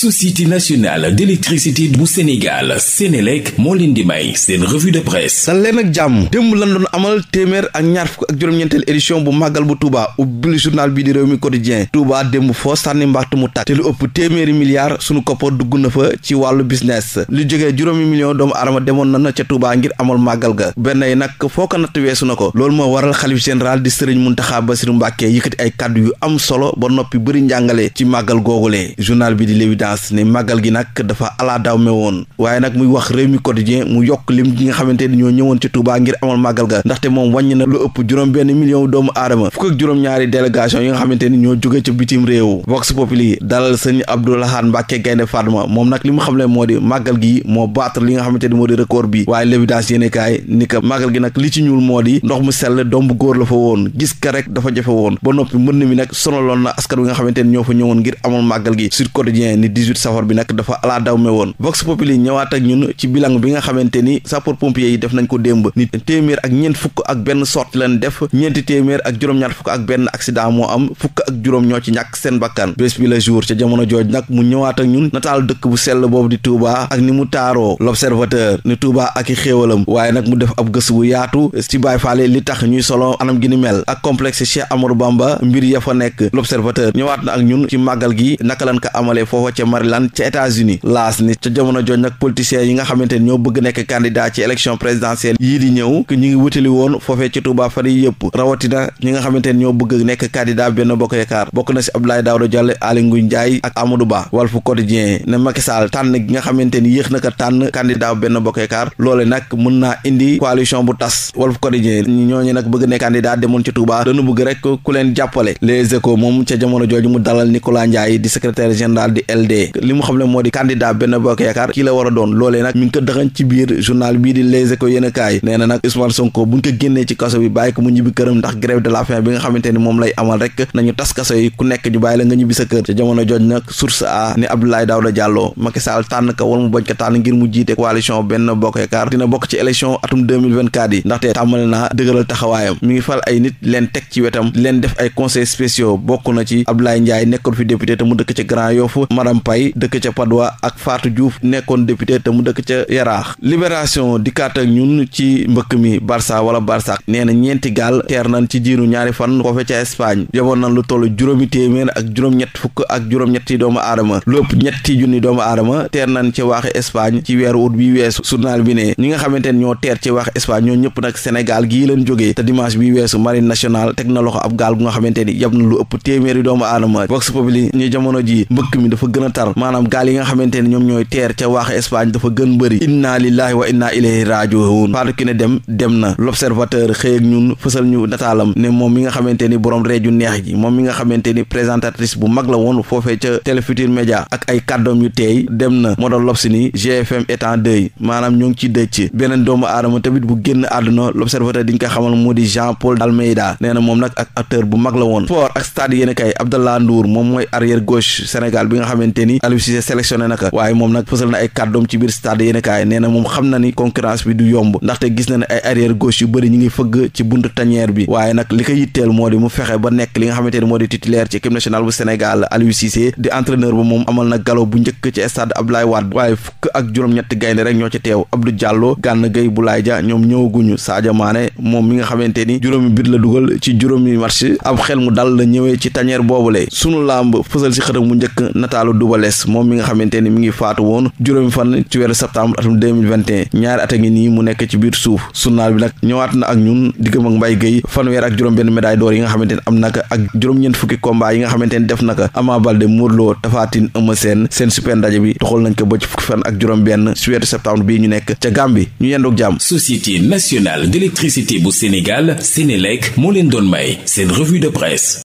société nationale d'électricité bu Sénégal Sénélec moo leen di may seen revue de presse dal leen ak jàmm démb lan doon amal téeméer ak ñaar fukk ak juróom-ñeenteel édition bu màggal bu Touba ubbil journal bii di réew mi quotidien Touba démb foo sànni mbaxtu mu tàkk te lu ëpp téeméeri milliards suñu koppar dugg na fa ci wàllu business lu jóge juróomi million doomu aadama demoon na ca Touba ngir amal màggal ga benn yi nag foo ko natt weesu na ko loolu moo waral xalif général di sëriñ Muntaxa Basiru Mbàkke yëkkati ay kàddu yu am solo ba noppi bëri njàngale ci màggal googule journal bi Guinaas ne màggal gi wax réew mi quotidien mu yokk lim gi nga xamante ni ñoo ñëwoon ci Touba ngir amal màggal ga moom wàññi na lu ëpp juróom benn million doomu aadama fukk ak juróom-ñaari délégation yi nga xamante ni ñoo jóge ci bitim réew Vox Populi dalal sëñ Abdou Lahad Mbacke Gaynde Fatma moom nag li mu xam moo di màggal gi moo battre li nga xamante ni moo di record bi waaye l'évidence yéene kaay ni ka màggal gi nag li ci ñuul moo di ndox mu sell doom bu góor la fa woon gis ka rek dafa jafe woon ba noppi mën na mi nag sonaloon na askan wi nga xamante ni ñoo fa ñëwoon ngir amal màggal gi Sud Quotidien 18 safar bi nag dafa alaa daw me woon Vox Populi ñëwaat ak ñun ci bilang bi nga xamante ni sapeur pompier yi def nañ ko démb ni téeméer ak ñeent fukk ak benn sorte def ñeenti téeméer ak juróom-ñaar fukk ak benn accident moo am fukk ak juróom ñoo ci ñàkk seen bakkan bés bi la jour ca jamono jooj nag mu ñëwaat ak ñun nataal dëkk bu sell boobu di Touba ak ni mu taaroo l'observateur ni Touba ak i xéewalam waaye nag mu def ab gëstu bu yaatu ci Baay li tax ñuy solo anam gi ni mel ak complexe Cheikh Amadou Bamba mbir ya fa nekk l'observateur ñëwaat na Maryland ca États-Unis laas ni ca jamono jooj nag politiciens yi nga xamante ni ñoo bëgg nekk candidat ci élection présidentielle yii di ñëw ñu ngi wutali woon foofee ci Touba fan yëpp rawatina ñi nga xamante ni ñoo bëgg nekk candidat benn bokk bokk na si Abdoulaye Daouda Diallo Aly Ngouille Ndiaye ak Amadou Ba Walf Quotidien ne Macky tànn gi nga xamante yéex na ko tànn candidat benn bokk loole nag mën naa indi coalition bu tas Walf Quotidien ñooñu nag bëgg nekk candidat demoon ci Touba dañu bëgg rek ku leen créé li mu xam ne moo di candidat benn bokk yaakaar kii la war a doon loolee nag mi ngi ko dëxañ ci biir journal bii di Les Échos yéen a nag Ousmane Sonko buñ ko génnee ci kaso bi bàyyi ko mu ñibbi këram ndax grève de la faim bi nga xamante ni moom lay amal rek nañu tas kaso yi ku nekk ñu bàyyi la nga ñibbi sa kër ca jamono joj nag source a ni Abdoulaye Daouda Diallo Macky tànn ko wala mu bañ ko tànn ngir mu jiite coalition benn bokk yaakaar dina Pay dëkk ca Padoa ak Fatou Diouf nekkoon député te mu dëkk ca Yaraax Libération dikkaat ak ñun ci mbëkk mi Barça wala Barça nee na ñeenti gaal teer nañ ci jiiru ñaari fan ko fe ca Espagne yoboon nañ lu toll juróomi téeméer ak juróom-ñett fukk ak juróom-ñetti doomu aadama lépp ñetti junni doomu aadama teer nañ ci waaxi Espagne ci weeru ut bi weesu journal bi ne ñi nga xamante ne ñoo teer ci waaxi Espagne ñoo ñëpp nag Sénégal gii leen jógee te dimanche bi weesu marine nationale teg na loxo ab gaal gu nga xamante ni yab na lu ëpp téeméeri doomu aadama maanaam gaal yi nga xamante ne ñoom ñooy teer ca waax Espagne dafa gën bëri inna lillahi wa inna ilayhi rajiun Fatou Kiné Dème dem na l'observateur xëy ak ñun fësal ñu nataalam ne moom mi nga xamante ni borom reeju neex ji moom mi nga xamante ni présentatrice bu mag la woon foofee ca Télé Futur ak ay kàddoom yu teey dem na moo doon lobsi ni GFM étant deuil maanaam ñoo ngi ci dëcc beneen doomu aadama tamit bu génn àdduna l'observateur diñ ko xamal moo di Jean Paul Dalmeida nee moom nag ak acteur bu mag la woon sport ak stade xamante ni Aliou Cissé sélectionné na ko waaye moom nag fësal na ay kàddoom ci biir stade yéen kaay nee na moom xam na ni concurrence bi du yomb ndaxte gis na ne ay arrière gauche yu bëri ñi ngi fëgg ci buntu tanière bi waaye nag li ko yitteel moo di mu fexe ba nekk li nga xamante ni moo di titulaire ci équipe nationale bu Sénégal Aliou di entraîneur ba moom amal na galop bu njëkk ci stade Abdoulaye Wade waaye fukk ak juróom-ñetti gaynde rek ñoo ci teew mi nga la dugal ci juróomi match ab xel mu la ñëwee ci tanière boobule sunu lamb fësal ci xëtam mu Double moom mi nga xamante ni mi ngi faatu woon juróomi fan ci weeru septembre atum 2021 ñaari at a ngi nii mu nekk ci biir suuf surnaal bi nag ñëwaat na ak ñun diggam ak Mbaye Guèye fanweer ak juróom benn médaille d'or yi nga xamante ni am naka ak juróom-ñeent fukki combat yi nga xamante ni def naka Ama Baldé Modou Lô Tapha Tine Eumeu Sène seen super bi doxal nañ ko ba ci fukki fan ak juróom benn ci weeru septembre bii ñu nekk ca Gambie ñu yendoog jàmm Société nationale d'électricité bu Sénégal Sénélec moo leen doon may seen revue de presse